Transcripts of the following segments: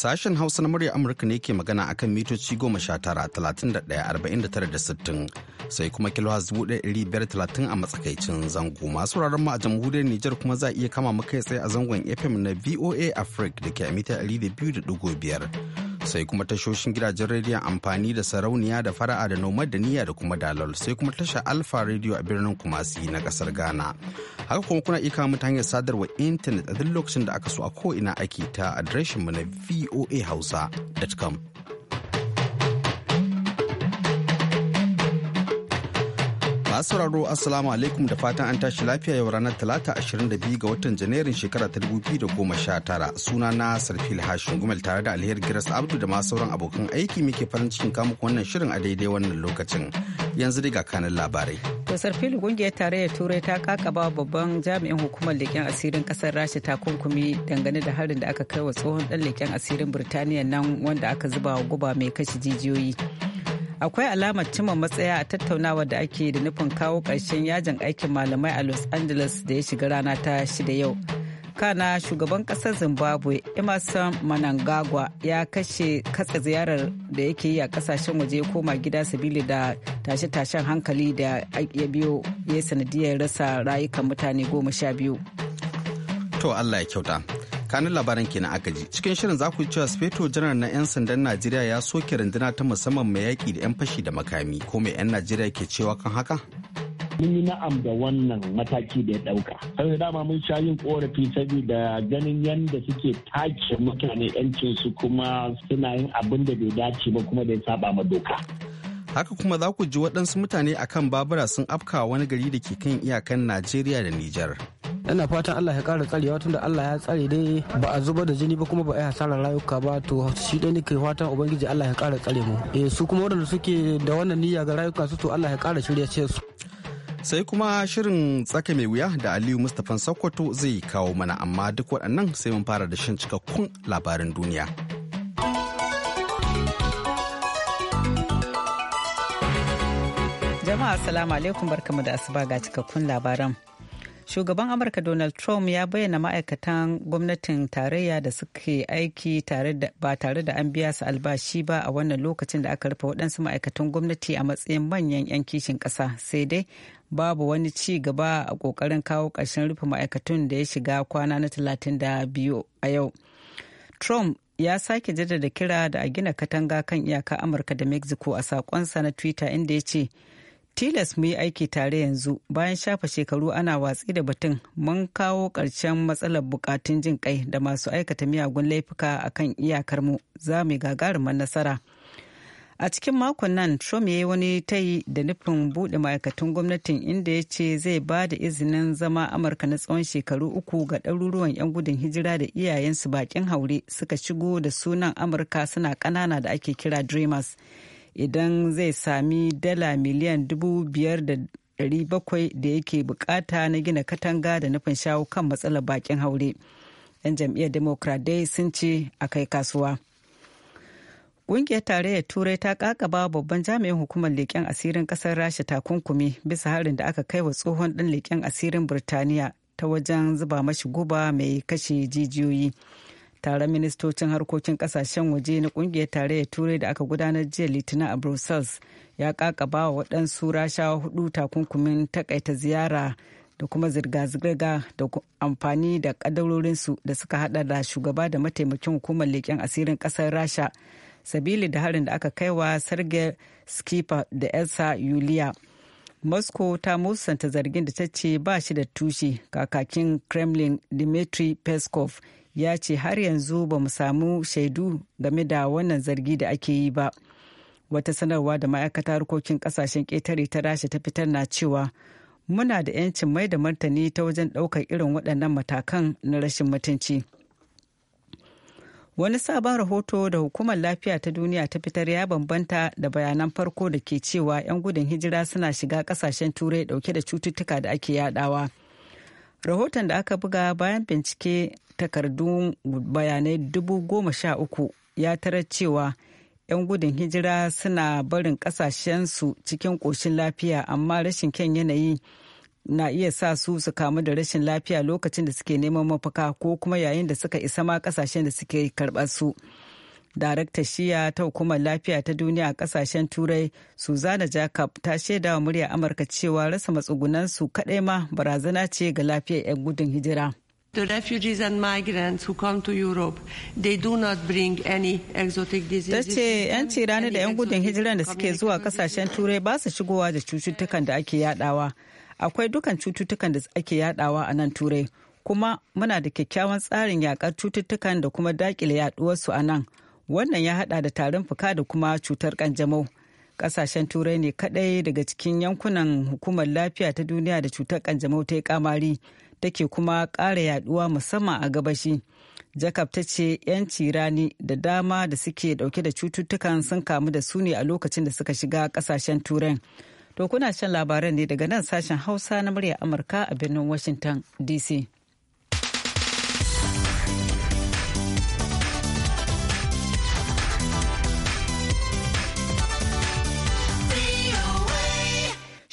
Sashen Hausa na murya Amurka ne ke magana a kan mitoci goma sha tara talatin da da tara da sittin sai kuma kilohaz dubu ɗaya ɗari biyar talatin a matsakaicin zango masu wuraren mu a jamhuriyar Nijar kuma za a iya kama mu kai tsaye a zangon FM na VOA Africa da ke a mita ɗari da sai kuma tashoshin gidajen rediyon amfani da sarauniya da fara'a da noma da niyya da kuma dalol sai kuma tasha alfa rediyo a birnin kumasi na kasar ghana haka kuma kuna ika mu ta hanyar sadarwa intanet a duk lokacin da aka so a ko ina ake ta adireshin mu na voa hausa.com sauraro Assalamu alaikum da fatan an tashi lafiya yau ranar Talata 22 ga watan Janairun shekara ta 2019 suna na Sarfil Hashin Gumel tare da Alheri Giras Abdu da masu sauran abokan aiki muke farin cikin kamu wannan shirin a daidai wannan lokacin. Yanzu daga ga kanin labarai. To Sarfil kungiyar tarayyar Turai ta kaka kakaba babban jami'in hukumar leken asirin kasar Rasha ta kunkumi dangane da harin da aka kai wa tsohon dan leken asirin Birtaniya nan wanda aka zuba guba mai kashe jijiyoyi. akwai alamar cimma matsaya a tattaunawa da ake da nufin kawo ƙarshen yajin aikin malamai a los angeles da ya shiga rana ta shida yau kana shugaban ƙasar zimbabwe emerson manangagwa ya kashe katsa ziyarar da yake yi a ƙasashen waje ya koma gida sabili da tashe-tashen hankali da ya biyo ya sanadiyar rasa rayukan mutane goma sha biyu to allah ya kyauta kanin labaran kenan aka ji cikin shirin za ku cewa speto janar na 'yan sandan najeriya ya soke rundunar ta musamman mai yaƙi da 'yan fashi da makami ko mai 'yan najeriya ke cewa kan haka mun yi na'am da wannan mataki da ya dauka sai dama mun sha yin korafi saboda ganin yadda suke tace mutane yancin su kuma suna yin abin da bai dace ba kuma bai saɓa saba ma doka haka kuma za ku ji waɗansu mutane akan babura sun afka wani gari da ke kan iyakan najeriya da nijar ina fatan Allah ya kara tsarewa da Allah ya tsare dai ba a zubar da jini ba kuma ba a yi hasarar rayuka ba to shi dai nake fatan ubangiji Allah ya kara tsare mu eh su kuma waɗanda suke da wannan niyya ga rayuka su to Allah ya kara shirya ce su sai kuma shirin tsaka mai wuya da aliyu mustafan sokoto zai kawo mana amma duk waɗannan sai mun fara da shan cikakkun labarin duniya jama'a assalamu alaikum barkamu da asuba ga cikakkun labaran shugaban amurka donald trump ya bayyana ma'aikatan gwamnatin tarayya da suke aiki ba tare da an biya su albashi ba a wannan lokacin da aka rufe waɗansu ma'aikatan gwamnati a matsayin manyan 'yan kishin ƙasa sai dai babu wani ci gaba a ƙoƙarin kawo ƙarshen rufe ma'aikatun da ya shiga kwana na 32 a yau trump ya sake jaddada kira da a gina katanga kan iyaka amurka da mexico a saƙonsa na twitter inda ya ce tilas mu yi aiki tare yanzu bayan shafa shekaru ana watsi da batun mun kawo ƙarshen matsalar bukatun jin kai da masu aikata miyagun laifuka a kan iyakar iyakarmu za mu gagarumar nasara a cikin makon nan trump ya yi wani tayi da nufin buɗe ma'aikatan gwamnatin inda ya ce zai ba da izinin zama amurka na tsawon shekaru uku ga ɗaruruwan 'yan gudun hijira da iyayensu bakin haure suka shigo da sunan amurka suna ƙanana da ake kira dreamers idan zai sami dala miliyan dubu biyar da dari bakwai da yake bukata na gina katanga da nufin shawo kan matsalar bakin haure. 'Yan jam'iyyar Democrat dai sun ce a kai kasuwa. Ƙungiyar tarayyar Turai ta kakaba babban jami'in hukumar leƙen asirin ƙasar Rasha takunkumi bisa harin da aka kai wa tsohon ɗan leƙen asirin Birtaniya ta wajen zuba mashi guba mai kashe jijiyoyi. taron ministocin harkokin kasashen waje na kungiyar tarayyar turai da aka gudanar jiya litinin a brussels ya kakaba wa waɗansu Rasha hudu takunkumin takaita ziyara da kuma zirga-zirga da amfani da kadarorinsu da suka hada da shugaba da mataimakin hukumar leƙen asirin ƙasar rasha sabili da harin da aka kaiwa sarge Skipa da elsa yuliya moscow ta musanta zargin da ta ce ba shi da tushe kakakin kremlin dmitry peskov ya ce har yanzu ba mu samu shaidu game da wannan zargi da ake yi ba wata sanarwa da ma'aikatar harkokin kasashen ƙetare ta rasha ta fitar na cewa muna da 'yancin mai da martani ta wajen ɗaukar irin waɗannan matakan na rashin mutunci wani sabon rahoto da hukumar lafiya ta duniya ta fitar ya bambanta da bayanan farko da ke cewa 'yan gudun hijira suna shiga kasashen turai dauke da cututtuka da ake yadawa rahoton da aka buga bayan bincike takardun bayanai dubu goma sha uku ya tarar cewa 'yan gudun hijira suna barin kasashensu cikin ƙoshin lafiya amma rashin kyan yanayi na iya sa su su kamu da rashin lafiya lokacin da suke neman mafaka ko kuma yayin da suka isa ma kasashen da suke karɓar su. Daraktar shiya ta hukumar lafiya ta duniya a kasashen turai Suzana Jacob ta shaida wa murya Amurka cewa rasa matsugunansu kaɗai ma barazana ce ga lafiyar 'yan gudun hijira. The refugees and migrants who come to Europe, they do not bring any exotic diseases. Tace 'yan da 'yan gudun hijiran da suke zuwa kasashen turai ba su shigowa da cututtukan da ake yadawa. Akwai dukan cututtukan da ake yadawa a nan turai. Kuma muna da kyakkyawan tsarin yaƙar cututtukan da kuma dakile yaɗuwarsu a nan. Wannan ya haɗa da tarin fuka da kuma cutar kanjamau. Ƙasashen turai ne kaɗai daga cikin yankunan hukumar lafiya ta duniya da cutar kanjamau ta yi kamari take kuma ƙara yaduwa musamman a gabashi. Jakab ta ce 'yan cirani da dama da suke dauke da cututtukan sun kamu da su ne a lokacin da suka shiga kasashen turai. To kuna shan labaran ne daga nan sashen Hausa na murya Amurka a birnin Washington DC.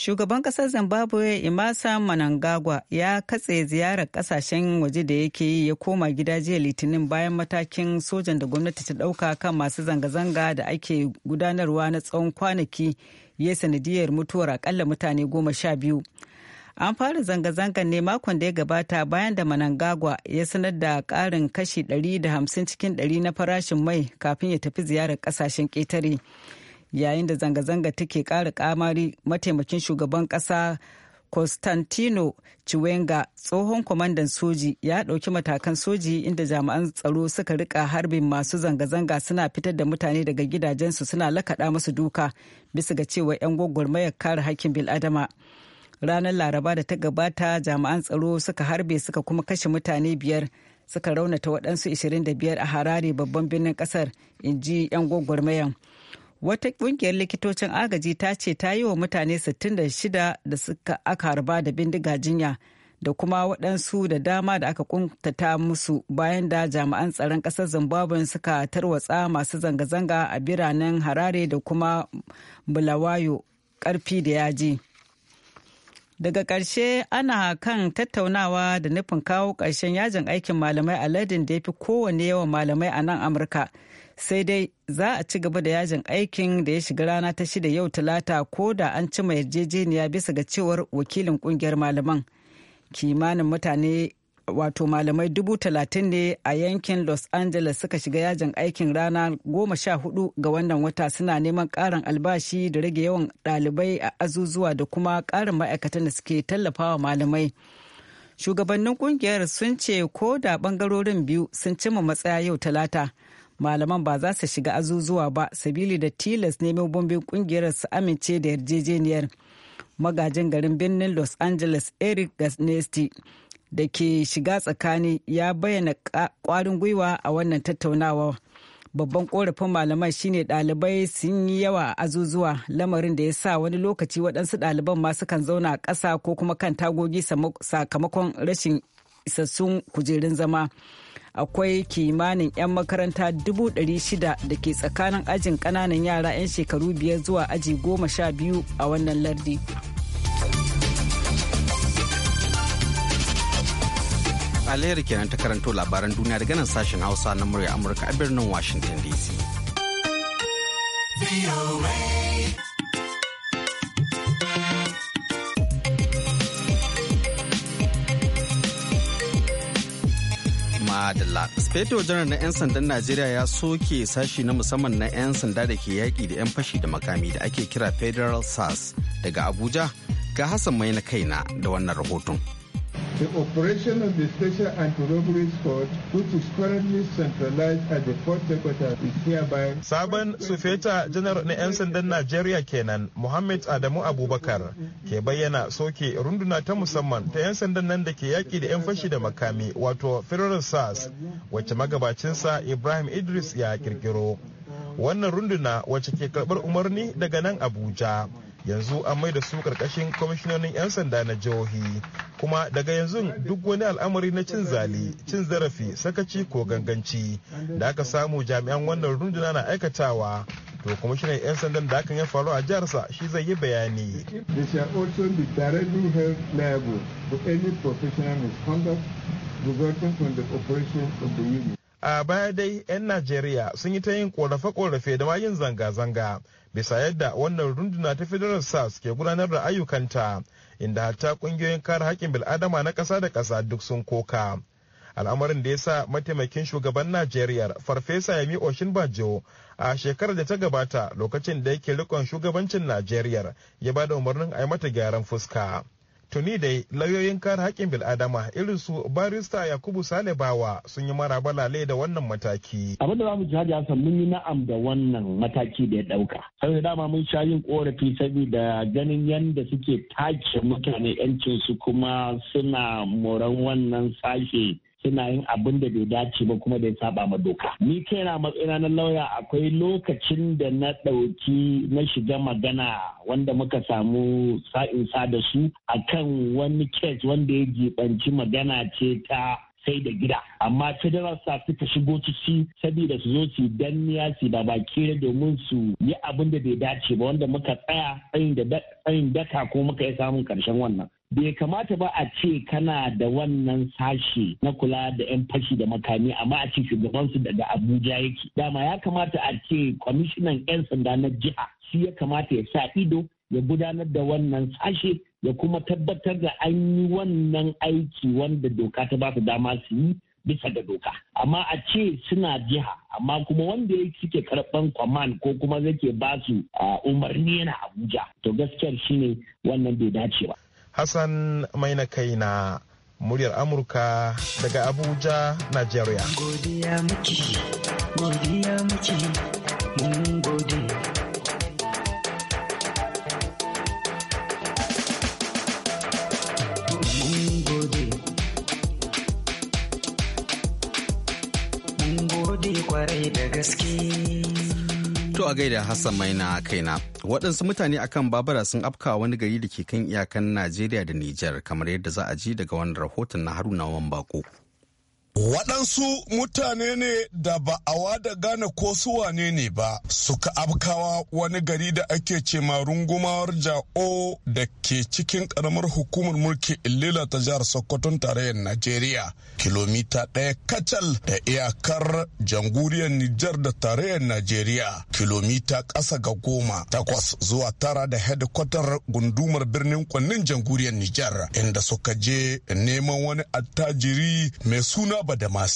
Shugaban kasar Zimbabwe imasa manangagwa ya katse ziyarar kasashen waje da yake yi ya koma gida jiya litinin bayan matakin sojan da gwamnati ta dauka kan masu zanga-zanga da ake gudanarwa na tsawon kwanaki ya sanadiyar mutuwar akalla mutane goma sha biyu. An fara zanga-zangar ne makon da ya gabata bayan da manangagwa ya sanar da karin kashi 150 cikin 100 na farashin mai kafin ya tafi ziyarar kasashen ƙetare. yayin da zanga-zanga take kara kamari mataimakin shugaban kasa Constantino Chiwenga tsohon kwamandan soji ya ɗauki matakan soji inda jami'an tsaro suka rika harbin masu zanga-zanga suna fitar da mutane daga gidajensu suna lakaɗa musu duka bisa ga cewa 'yan gwagwarmayar kare hakkin bil'adama. Ranar Laraba da ta gabata jami'an tsaro suka harbe suka kuma kashe mutane biyar suka raunata waɗansu 25 a harare babban birnin ƙasar in ji 'yan gwagwarmayar. wata ƙungiyar likitocin agaji ta ce ta yi wa mutane 66 da suka aka harba da bindiga jinya da kuma waɗansu da dama da aka ƙuntata musu bayan da jami'an tsaron ƙasar zimbabwe suka tarwatsa masu zanga-zanga a biranen harare da kuma bulawayo ƙarfi da yaji daga ƙarshe ana kan tattaunawa da nufin kawo ƙarshen yajin aikin malamai a ladin da ya fi kowane yawan malamai a nan amurka sai dai za a ci gaba da yajin aikin da ya shiga rana ta shida yau talata ko da an cima yarjejeniya bisa ga cewar wakilin kungiyar malaman kimanin mutane wato malamai dubu talatin ne a yankin los angeles suka shiga yajin aikin rana goma sha hudu ga wannan wata suna neman karin albashi da rage yawan ɗalibai a azuzuwa da kuma karin ma'aikatan da suke tallafawa malamai shugabannin kungiyar sun ce ko da bangarorin biyu sun cima matsaya yau talata malaman ba za su shiga azuzuwa ba sabili da tilas ne mabobin kungiyar su amince da yarjejeniyar magajin garin birnin los angeles eric gasnesti da ke shiga tsakani ya bayyana kwarin gwiwa a wannan tattaunawa babban korafin malaman shine dalibai sun yi yawa a azuzuwa lamarin da ya sa wani lokaci waɗansu ɗaliban ma sukan zauna a ƙasa ko kuma kan tagogi sakamakon rashin isassun kujerun zama akwai kimanin 'yan makaranta 600 da ke tsakanin ajin kananan yara 'yan shekaru biyar zuwa aji goma sha biyu a wannan lardi. Alheri kenan ta karanto labaran duniya daga nan sashen Hausa na murya Amurka a birnin Washington DC. Madalla. Speto janar na 'yan sandan Najeriya ya soke sashi na musamman na 'yan sanda da ke yaƙi da 'yan fashi da makami da ake kira Federal SAS daga Abuja ga Hassan mai na kaina da wannan rahoton. The operation of the Special Anti-Robbery Squad, which is currently centralized at the fourth Headquarters, is hereby... Sabon Sufeta Janar na 'yan sandan Najeriya kenan, Muhammad Adamu Abubakar, ke bayyana soke runduna ta musamman ta 'yan sandan nan da ke yaki da 'yan fashi da makami, wato Federal SARS, wacce magabacinsa Ibrahim Idris ya kirkiro. Wannan runduna wacce ke karɓar umarni daga nan Abuja. yanzu an mai da su karkashin kwamishinonin 'yan sanda na jihohi kuma daga yanzu duk wani al'amari na cin zali cin zarafi sakaci ko ganganci da aka samu jami'an wannan runduna na aikatawa to kwamishinan 'yan sandan da hakan ya faru a jiharsa shi zai yi bayani resulting from the operation of the union. a baya dai 'yan najeriya sun yi ta yin korafe-korafe da ma yin zanga-zanga bisa yadda wannan runduna ta federal sars ke gudanar da ayyukanta inda hatta kungiyoyin kare haƙƙin bil'adama na ƙasa da ƙasa duk sun koka al'amarin da ya sa mataimakin shugaban najeriya farfesa yami oshin bajo a shekarar da ta gabata lokacin da yake rikon shugabancin najeriya ya ba da umarnin a yi mata gyaran fuska tuni dai, lauyoyin kare haƙƙin bil'adama irin su barista yakubu salibawa sun yi marabalale da wannan mataki abinda za mu ji hajji hassan mun yi na'am da wannan mataki da ya ɗauka saboda dama mun sha yin korafi saboda ganin yadda suke take mutane yancin su kuma suna moran wannan sashe suna yin abin da bai dace ba kuma da ya saba ma doka ni kaina matsayina na lauya akwai lokacin da na ɗauki na shiga magana wanda muka samu sa da su akan wani kes wanda ya jibanci magana ce ta sai da gida amma federal staff suka shigo ciki saboda su zo su danniya su ba baki domin su yi abin da bai dace ba wanda muka tsaya tsayin da daka ko muka yi samun karshen wannan bai kamata ba a ce kana da wannan sashe na kula da 'yan fashi da makami amma a ce shugabansu daga abuja yake dama ya kamata a ce kwamishinan 'yan sanda na jiha shi ya kamata ya sa ido ya gudanar da wannan sashe ya kuma tabbatar da an yi wannan aiki wanda doka ta ba su dama su yi bisa da doka amma a ce suna jiha amma kuma wanda ya suke karɓan kwaman ko kuma zai ke ba su ah, umarni yana abuja to gaskiyar shine wannan bai dace ba Hassan Maina na muryar Amurka daga Abuja, Najeriya. gode. kwarai da gaske a gaida Hassan Maina kaina. Waɗansu mutane akan babura sun afka wani gari da ke kan iyakan Najeriya da Nijar kamar yadda za a ji daga wani rahoton na Haruna Wambako. bako. waɗansu mutane ne da ba a da gane ko su wane ne ba suka abkawa wani gari da ake ce rungumawar ja'o da ke cikin ƙaramar hukumar mulki illila ta jihar sokoton tarayyar najeriya kilomita ɗaya kacal da iyakar janguriyar nijar da tarayyar najeriya kilomita ƙasa ga goma takwas zuwa tara da hedikwatar gundumar birnin kwannin janguriyar nijar inda suka je neman wani attajiri mai suna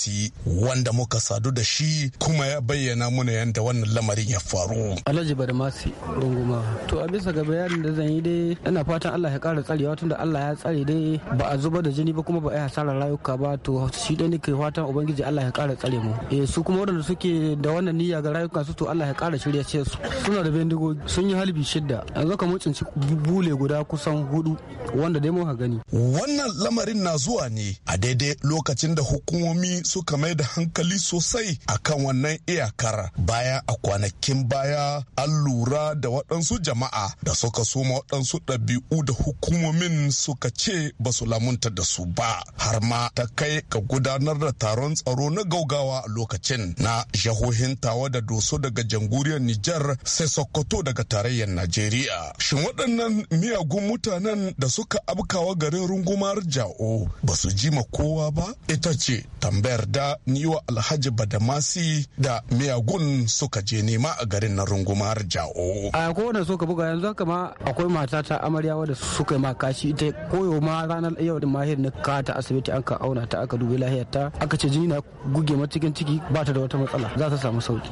yi wanda muka sadu da shi kuma ya bayyana muna yadda wannan lamarin ya faru alhaji masu runguma to a bisa ga bayanin da zan yi dai ina fatan allah ya kara tsarewa tunda allah ya tsare dai ba a zubar da jini ba kuma ba a yi hasarar rayuka ba to shi dai nake fatan ubangiji allah ya kara tsare mu eh su kuma waɗanda suke da wannan niyya ga rayuka su to allah ya kara shirya ce su suna da bindigogi sun yi halbi shidda yanzu kamar cinci bule guda kusan hudu wanda dai mun gani wannan lamarin na zuwa ne a daidai lokacin da hukumar hukumomi suka mai da hankali sosai a kan wannan iyakar baya a kwanakin baya an lura da waɗansu jama'a da suka soma waɗansu ɗabi'u da hukumomin suka ce ba su lamunta da su ba har ma ta kai ka gudanar da taron tsaro na gaugawa a lokacin na jahohin tawa da doso daga jamhuriyar Nijar sai Sokoto daga tarayyar Najeriya. Shin waɗannan miyagun mutanen da suka abkawa garin rungumar ja'o ba su ji ma kowa ba? Ita ce tambayar da niwa alhaji badamasi da miyagun suka je nema a garin na rungumar jao a kowane suka buga yanzu haka ma akwai mata ta amarya wadda suka ma kashi ita koyo ma ranar yau da mahir na kata asibiti an ka auna ta aka dubi lahiyar ta aka ce jini na guge ma cikin ciki ba ta da wata matsala za ta samu sauki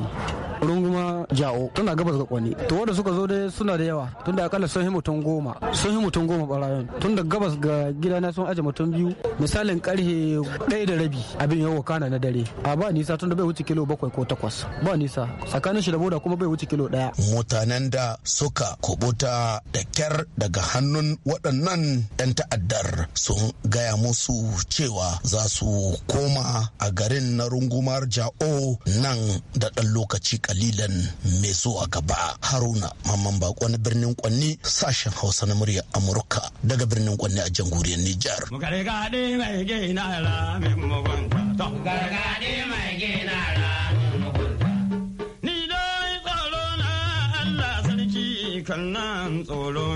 runguma jao tana gabas ga kwani to wanda suka zo dai suna da yawa tunda akalla sun yi mutum goma sun yi mutum goma barayon tunda gabas ga gidana sun aje mutum biyu misalin karhe ɗaya da rabi abin ya kana na dare a ba nisa tun tunda bai wuce kilo bakwai ko takwas ba nisa tsakanin shi da boda kuma bai wuce kilo daya mutanen da suka kubuta da kyar daga hannun waɗannan 'yan ta'addar sun gaya musu cewa za su koma a garin na rungumar ja'o nan da ɗan lokaci kalilan mai zuwa gaba haruna mamman bako na birnin kwanni sashen hausa na murya amurka daga birnin kwanni a jamhuriyar nijar mugunta. Gargaɗi mai gina ranar Ni dai tsoro na Allah sarki kan nan tsoro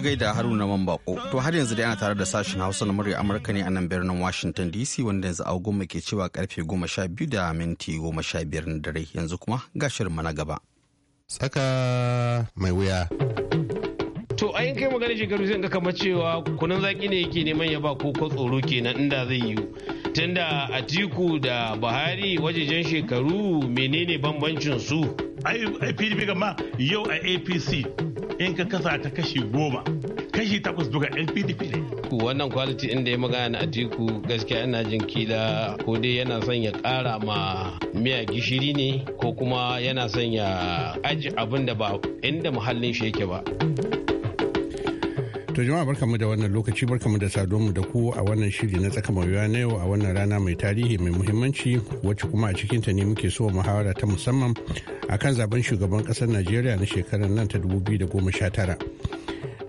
a gaida Haruna bako To har yanzu dai ana tare da sashen Hausa na murya Amurka ne a nan birnin Washington DC wanda yanzu agogo ke cewa karfe 12 da minti 15 na dare yanzu kuma ga na gaba. Tsaka mai wuya. To a yin kai magana shekaru zan ga kamar cewa kunun zaki ne yake neman ya ba ko tsoro kenan inda zai yiwu. tunda Atiku da Buhari wajejen shekaru menene bambancin su? ai ga gama yau a apc in ka kasa ta kashi goma kashi takwas duka npdp ne wannan kwaliti inda ya magana a atiku gaskiya ina jin kila ko dai yana son ya kara ma miya gishiri ne ko kuma yana son ya aji abin ba inda muhallin shi yake ba To jama'a barkamu da wannan lokaci barkamu da mu da ku a wannan shiri na tsaka na yau a wannan rana mai tarihi mai muhimmanci wacce kuma a cikinta ne muke so muhawara ta musamman akan zaben shugaban kasar Najeriya na shekarar nan ta tara.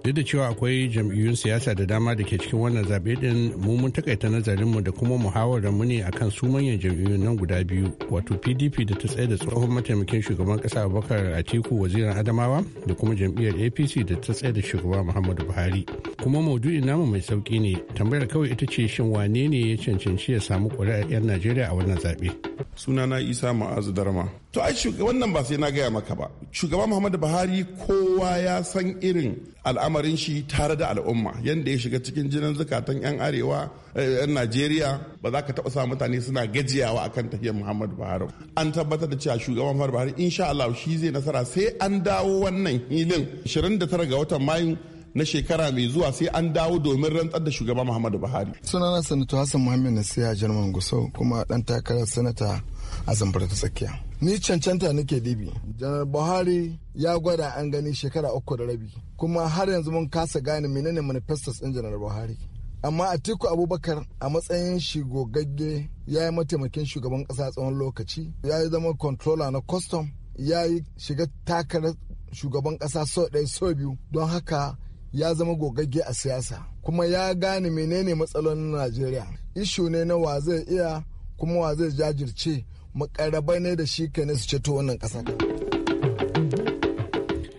duk da cewa akwai jam'iyyun siyasa da dama da ke cikin wannan zaɓe ɗin mu mun takaita nazarinmu da kuma muhawarar mu ne akan su manyan jam'iyyun nan guda biyu wato pdp da ta tsaye da tsohon mataimakin shugaban ƙasa abubakar atiku wazirin adamawa da kuma jam'iyyar apc da ta tsaye da shugaba muhammadu buhari kuma maudu'in namu mai sauki ne tambayar kawai ita ce shin wane ne ya cancanci ya samu ƙuri'ar 'yan najeriya a wannan zaɓe sunana isa ma'azu darma to ai shugaban nan ba sai na gaya maka ba shugaba muhammadu buhari kowa ya san irin al'amarin shi tare da al'umma yadda ya shiga cikin jinin zukatan yan arewa yan eh, najeriya ba za ka taba sa mutane suna gajiyawa akan tafiyar muhammadu buhari an tabbatar da cewa shugaban muhammadu buhari insha shi zai nasara sai an dawo wannan hilin 29 ga watan mayu na shekara mai zuwa sai an dawo domin rantsar da shugaba muhammadu buhari sunana sanato hassan muhammad nasiha jerman gusau kuma dan takarar sanata a zamfara ta tsakiya ni cancanta nake dibi janar buhari ya gwada an gani shekara uku da rabi kuma har yanzu mun kasa gane menene manifestos din janar buhari amma atiku abubakar a matsayin shigogagge ya yi mataimakin shugaban kasa tsawon lokaci ya yi zama controller na custom ya yi shiga takarar shugaban kasa sau ɗaya sau biyu don haka ya zama gogagge a siyasa kuma ya gane menene matsalolin najeriya ishu ne na wa zai iya kuma wa zai jajirce makarabai ne da shi ne su ceto wannan kasar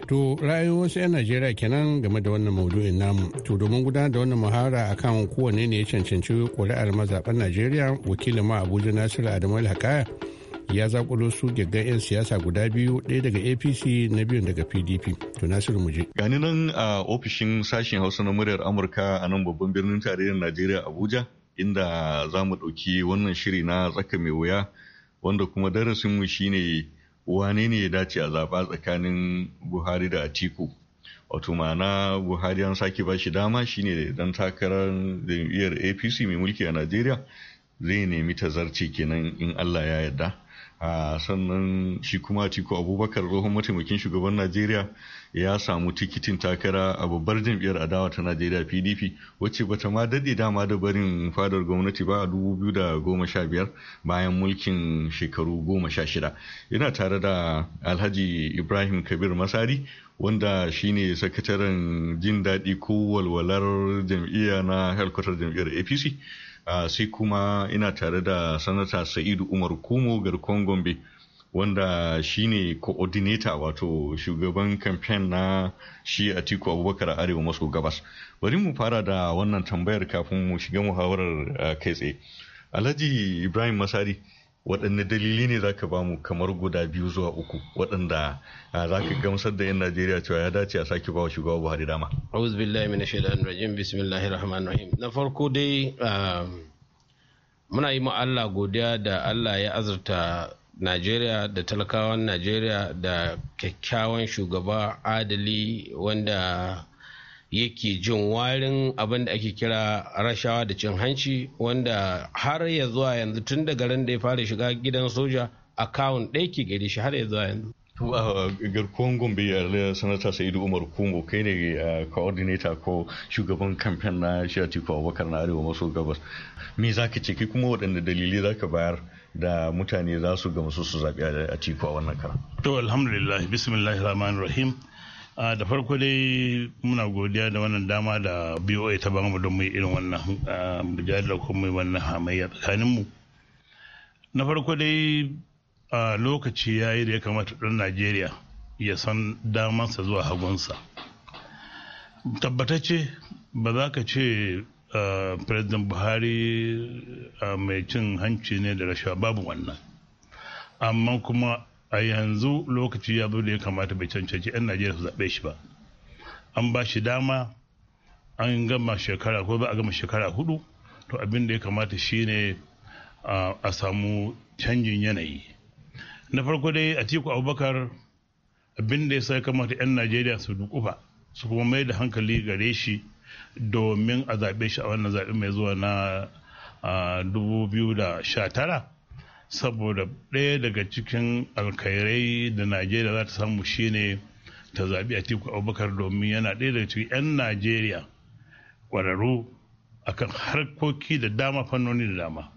To rayuwar wasu 'yan Najeriya kenan game da wannan maudu'in namu. To domin gudanar da wannan muhara akan kowane ne ya cancanci kuri'ar mazaɓen Najeriya wakilin ma Abuja Nasiru Adamu Alhakaya ya zakulo su gaggan 'yan siyasa guda biyu ɗaya daga apc na biyun daga pdp to nasiru muje gani nan a ofishin sashen hausa na muryar amurka a nan babban birnin tarayyar najeriya abuja inda za mu ɗauki wannan shiri na tsaka mai wuya wanda kuma darasin mu shine wane ne ya dace a zaba tsakanin buhari da atiku wato ma'ana buhari an sake ba shi dama shine dan takarar jam'iyyar apc mai mulki a najeriya zai nemi tazarci kenan in allah ya yarda sannan shi kuma tiko Abubakar tsohon mataimakin shugaban Najeriya ya samu tikitin takara a babbar jam'iyyar adawa ta Najeriya PDP wacce bata ma dade dama da barin fadar gwamnati ba a dubu da goma sha biyar, bayan mulkin shekaru goma sha shida, yana tare da Alhaji Ibrahim Kabir Masari wanda shine sakataren jin daɗi ko walwalar jam'iyya na halkwatar jam'iyyar APC sai kuma ina tare da sanata sa'idu umar kumo garkon gombe wanda shine coordinator wato shugaban kamfen na shi a tiku abubakar a arewa maso gabas bari mu fara da wannan tambayar kafin mu shiga muhawarar kai tsaye alhaji ibrahim masari waɗanne dalili ne za ka ba mu kamar guda biyu zuwa uku waɗanda za ka gamsar da 'yan Najeriya cewa ya dace a sake bawa shugaba Buhari dama. A'udhu billahi minash shaitanir rajim bismillahir rahmanir rahim. Na farko dai muna yi ma Allah godiya da Allah ya azurta Najeriya da talakawan Najeriya da kyakkyawan shugaba adali wanda yake jin warin abin da ake kira rashawa da cin hanci wanda har ya zuwa yanzu tun daga ran da ya fara shiga gidan soja akawun ɗaya ke gari shi har ya zuwa yanzu a garkuwan gombe a sanata sa'idu umar kungo kai ne a coordinator ko shugaban kamfen na shi atiku abubakar na arewa maso gabas me za ka ce kai kuma waɗanda dalilai za ka bayar da mutane za su gamsu su zaɓi a tiku a wannan kara to alhamdulillah bismillahir rahim da farko dai muna godiya da wannan dama da BOA ta bamu don mu irin wannan mujadala ko mu wannan hamayya tsakanin mu na farko dai lokaci ya yi da ya kamata ɗan Najeriya ya san damansa zuwa hagunsa tabbatacce ba za ka ce president buhari mai cin hanci ne da rashawa babu wannan amma kuma a yanzu lokaci ya zo da ya kamata bai cancanci 'yan najeriya su zaɓe shi ba an ba shi dama an gama shekara ko ba a gama shekara hudu to abin da ya kamata shine a samu canjin yanayi na farko dai a tiku abubakar abin da ya sai kamata 'yan najeriya su dukufa su kuma mai da hankali gare shi domin a zaɓe shi a wannan zaɓe mai zuwa na 2019 saboda ɗaya daga cikin alkhairai da najeriya za ta samu shine ta zaɓi atiku abubakar domin yana ɗaya daga cikin 'yan najeriya ƙwararru akan harkoki da dama fannoni da dama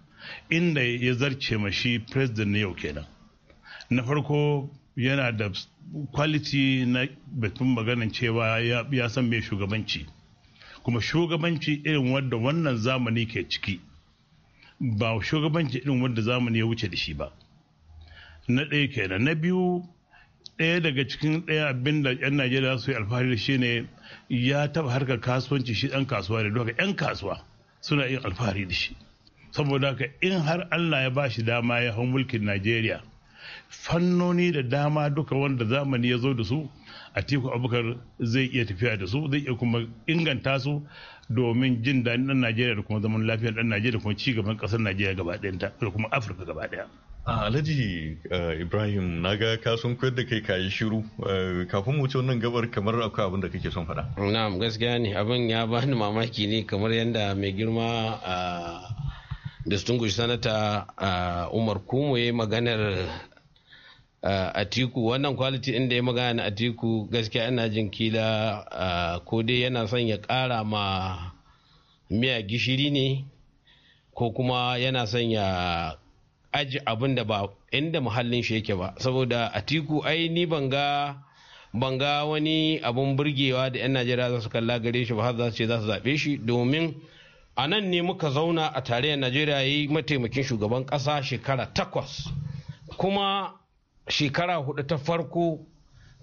inda ya zarce mashi president na yau kenan na farko yana da kwaliti na batun maganin cewa ya san mai shugabanci kuma shugabanci irin wadda wannan zamani ke ciki ba shugabanci irin wanda zamani ya wuce da shi ba na ɗaya kenan na biyu ɗaya daga cikin ɗaya abin da 'yan najeriya su yi alfahari da shi ne ya taɓa harkar kasuwanci shi ɗan kasuwa da doka 'yan kasuwa suna yin alfahari da shi saboda haka in har allah ya ba shi dama ya hau mulkin najeriya fannoni da dama duka wanda zamani ya zo da su a tiku abubakar zai iya tafiya da su zai iya kuma inganta su domin jin daɗin ɗan Najeriya da kuma zaman lafiyar ɗan Najeriya da kuma ci gaban ƙasar Najeriya gaba ɗayanta da kuma Afirka gaba ɗaya. Alhaji eh, Ibrahim na ga ka sun koyar da kai kayi shiru eh, kafin mu wannan gabar kamar akwai abin da kake son faɗa. Na'am gaskiya ne abin ya bani mamaki ne kamar yadda mai girma ah, distinguished sanata ah, Umar Kumo ya maganar Uh, a tiku wannan kwaliti inda ya magana atiku gaskiya ina jin kila uh, ko dai yana son ya kara ma miya gishiri ne ko kuma yana son ya aji abin da ba inda muhallin shi yake ba saboda atiku ai ni banga banga wani abun burgewa da 'yan najeriya za su kalla gare shi ba har za su ce za su zaɓe shi domin a nan ne muka zauna a tarayyar najeriya yi mataimakin shugaban ƙasa shekara takwas kuma shekara hudu ta farko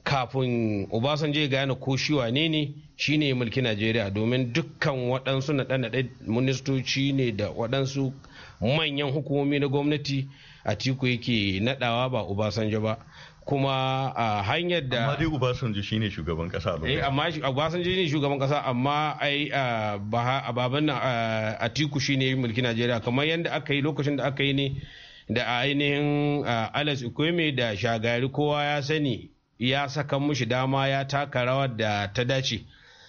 kafin obasanjo ya gane ko shi wane ne shine ya mulki najeriya domin dukkan waɗansu na ɗanaɗe ministoci ne da waɗansu manyan hukumomi na gwamnati a tiku yake naɗawa ba obasanjo ba kuma a hanyar da amma dai obasanjo ne shugaban kasa a eh amma obasanjo ne shugaban kasa amma ai a baban a tiku ne mulki najeriya kamar yadda aka yi lokacin da aka yi ne da ainihin Alex Ikweme da shagari kowa ya sani ya saka mushi dama ya taka rawar da ta dace.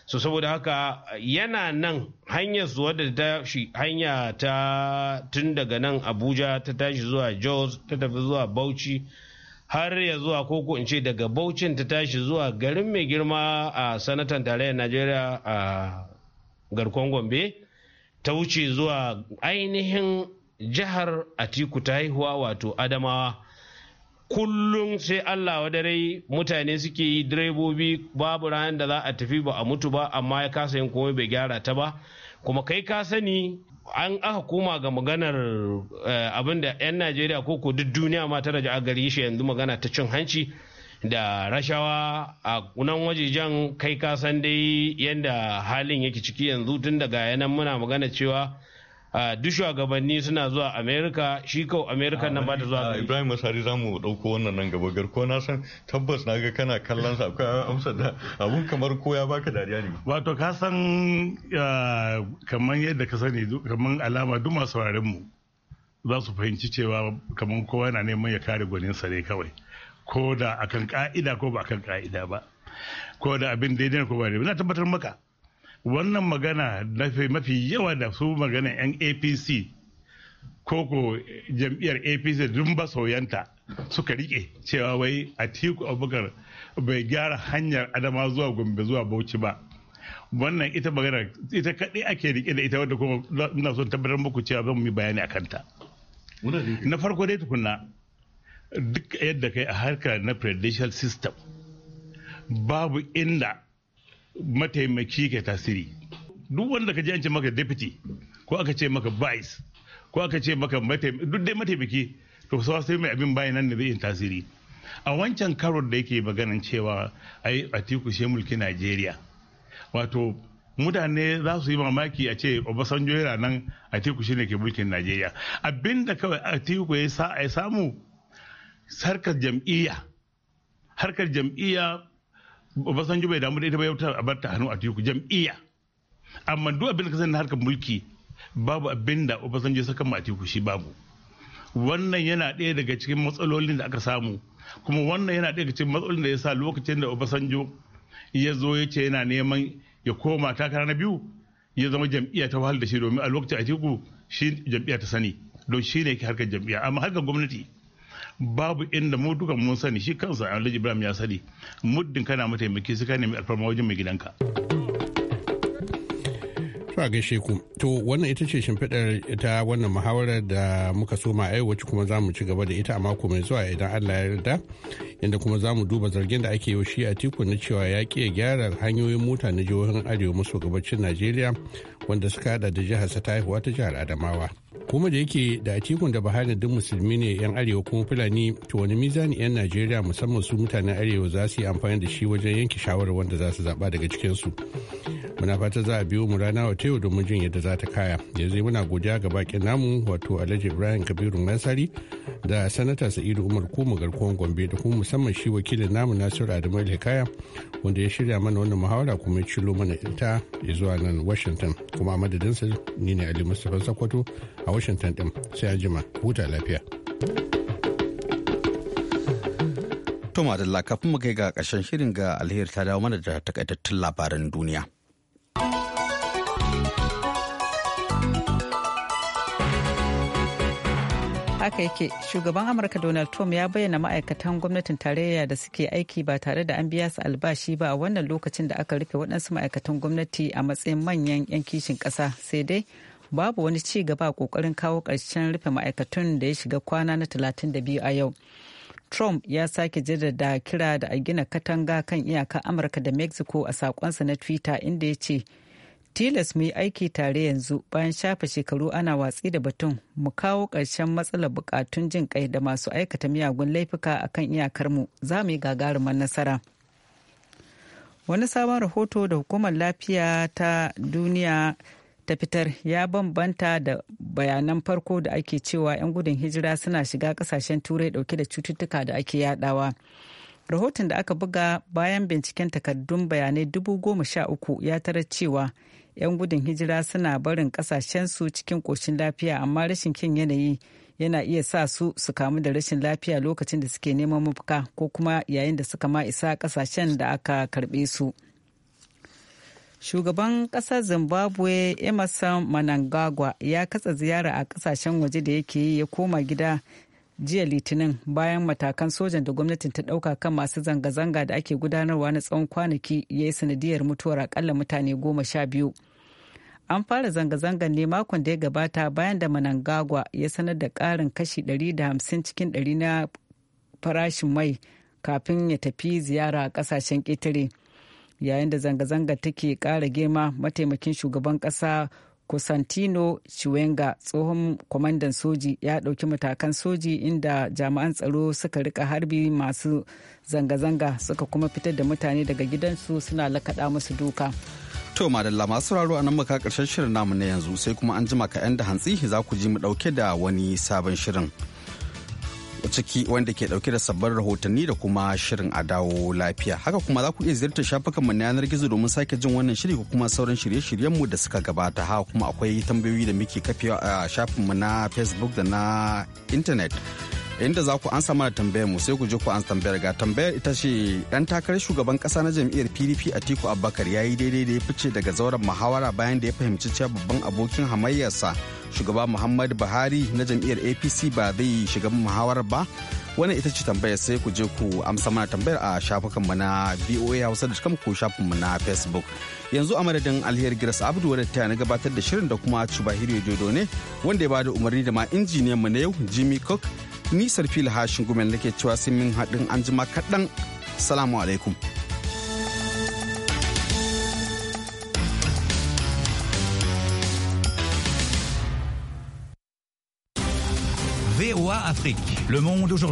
so saboda haka yana nan hanyar zuwa da ta shi hanya ta tun daga nan abuja ta tashi zuwa jos ta tafi zuwa bauchi har ya zuwa koko in ce daga baucin ta tashi zuwa garin mai girma a sanatan tarayyar najeriya a garkon gombe ta wuce zuwa ainihin jihar atiku ta haihuwa wato adamawa kullum sai allah wa dare mutane suke yi direbobi babu ranar da za a tafi ba a mutu ba amma ya kasa yin komai bai gyara ta ba kuma kai ka sani an aka koma ga maganar eh, abin da 'yan najeriya ko ko duk duniya ma ta raja a gari shi yanzu magana ta cin hanci da rashawa a kunan wajejen kai ka san dai yadda halin yake ciki yanzu tun daga yanan muna magana cewa duk shugabanni suna zuwa Amerika. shi kawo amerika nan ba ta zuwa ibrahim masari za mu dauko wannan nan gaba garko na san tabbas na ga kana kallon sa akwai amsa da abun kamar ko ya baka dariya ne wato ka san kamar yadda ka sani kamar alama duk masu mu za su fahimci cewa kamar kowa na neman ya kare gwanin sa ne kawai ko da akan ka'ida ko ba akan ka'ida ba ko da abin daidai ko ba daidai na tabbatar maka wannan magana mafi yawa da su magana 'yan apc koko jam'iyyar apc dun ba soyanta suka rike cewa wai a tiku abubakar bai gyara hanyar adama zuwa gombe zuwa bauchi ba wannan ita magana ita kaɗai ake rike da ita wadda kuma ina son tabbatar muku cewa zan yi bayani a kanta na farko dai tukunna duk yadda kai a harkar na presidential system babu inda mataimaki ke tasiri duk wanda ka ji an ce maka deputy ko aka ce maka vice ko aka ce maka duk dai mataimaki to sai mai abin bayan nan ne zai yi tasiri a wancan karo da yake maganan cewa ai atiku shi mulki najeriya wato mutane za su yi mamaki a ce obasanjo yana nan atiku ne ke mulkin najeriya abinda kawai atiku ya samu sarkar jam'iyya harkar jam'iyya Obasanjo bai damu da ita ba ya a bar ta hannu a tiku jam'iyya amma duk abin da ka sani harkar mulki babu abin da Obasanjo ya saka mu a teku shi babu wannan yana ɗaya daga cikin matsalolin da aka samu kuma wannan yana ɗaya daga cikin matsalolin da ya sa lokacin da Obasanjo ya zo ya ce yana neman ya koma takara na biyu ya zama jam'iyya ta wahal da shi domin a lokacin a tiku shi jam'iyya ta sani don shi ne ke harkar jam'iyya amma harkar gwamnati babu inda mu dukan mun sani shi kansa alhaji ibrahim ya sani muddin kana mataimaki sai ka nemi alfarma wajen mai gidanka a gaishe ku to wannan ita ce shimfiɗar ta wannan muhawarar da muka soma yau wacce kuma za mu ci gaba da ita a mako mai zuwa idan allah ya yarda inda kuma za mu duba zargin da ake yi shi a tiku na cewa ya ƙi gyara hanyoyin mota na jihohin arewa maso gabacin najeriya wanda suka hada da jihar sa ta haihuwa ta jihar adamawa kuma da yake da a tikun da bahari duk musulmi ne yan arewa kuma fulani to wani mizani yan najeriya musamman su mutanen arewa za su yi amfani da shi wajen yanke shawarar wanda za su zaɓa daga cikinsu muna fata za a biyo mu rana wa yau domin jin yadda za ta kaya yanzu muna godiya ga bakin namu wato alhaji ibrahim kabiru masari da sanata sa'idu umar kuma garkuwan gombe da kuma musamman shi wakilin namu nasiru adamu hikaya wanda ya shirya mana wannan muhawara kuma ya cilo mana ita zuwa nan washington kuma a madadinsa ni ne ali mustapha sakwato a washington din sai an jima huta lafiya to kafin mu kai ga ƙarshen shirin ga alheri ta dawo mana da takaitattun labaran duniya haka yake shugaban amurka donald trump ya bayyana ma'aikatan gwamnatin tarayya da suke aiki ba tare da an biya su albashi ba a wannan lokacin da aka rufe waɗansu ma'aikatan gwamnati a matsayin manyan 'yan kishin ƙasa sai dai babu wani ci gaba a kokarin kawo ƙarshen rufe ma'aikatun da ya shiga kwana na 32 a yau trump ya sake jaddada kira da a gina katanga kan iyakar amurka da mexico a sakonsa na twitter inda ya ce tilas mu yi aiki tare yanzu bayan shafe shekaru ana watsi da batun mu kawo ƙarshen matsalar bukatun jin kai da masu aikata miyagun laifuka a kan iyakarmu za mu yi gagarumar nasara wani sabon rahoto da hukumar lafiya ta duniya ta fitar ya bambanta da bayanan farko da ake cewa 'yan gudun hijira suna shiga kasashen turai dauke da cututtuka da ake yadawa. rahoton da aka buga bayan binciken takardun bayanai dubu goma sha uku ya tara cewa 'yan gudun hijira suna barin kasashensu cikin ƙoshin lafiya amma rashin kin yanayi yana iya sa su su kamu da rashin lafiya lokacin da suke neman mafuka ko kuma yayin da suka ma isa kasashen da aka karbe su shugaban ƙasar zimbabwe emerson manangagwa ya katsa ziyara a kasashen waje da yake yi ya koma gida jiya litinin bayan matakan sojan da gwamnatin ta ɗauka kan masu zanga-zanga da ake gudanarwa na tsawon kwanaki ya yi sanadiyar mutuwar akalla mutane goma sha biyu an fara zanga-zangar ne makon da ya gabata bayan da manangagwa ya sanar da ƙarin kashi 150 cikin 100 na farashin mai kafin ya tafi ziyara a ƙasashen ƙetare yayin da zanga zanga take ƙara girma mataimakin shugaban ƙasa Cosentino Chiwenga tsohon kwamandan soji ya ɗauki matakan soji inda jami'an tsaro suka rika harbi masu zanga-zanga suka kuma fitar da mutane daga gidansu suna lakaɗa musu duka. To madalla masu sauraro a nan muka karshen shirin namu na yanzu sai kuma an jima ka 'yan da hantsi za ku ji mu ɗauke da wani sabon shirin. ciki wanda ke dauke da sabbin rahotanni da kuma shirin a dawo lafiya haka kuma za ku iya ziyartar shafukanmu na yanar gizo domin sake jin wannan shiri ko kuma sauran shirye-shiryenmu da suka gabata haka kuma akwai tambayoyi da muke kafewa a shafinmu na facebook da na intanet inda za ku ansa mana tambayar mu sai ku je ku ansa tambayar ga tambayar ita ce dan takarar shugaban kasa na jam'iyyar PDP Atiku Abubakar ya yi daidai da ya fice daga zauren muhawara bayan da ya fahimci cewa babban abokin hamayyarsa shugaba Muhammadu Buhari na jam'iyyar APC ba zai shiga muhawarar ba wannan ita ce tambayar sai ku je ku amsa mana tambayar a shafukan mu na VOA Hausa da ko shafin mu na Facebook yanzu a madadin alheri Grace Abdu wadda ta na gabatar da shirin da kuma ya Jodo ne wanda ya bada umarni da ma injiniyan mu na yau Jimmy Cook ni sarfila hashin gumen nake cewa sai min haɗin anjima kaɗan salamu alaikum VOA Afrique, le monde aujourd'hui.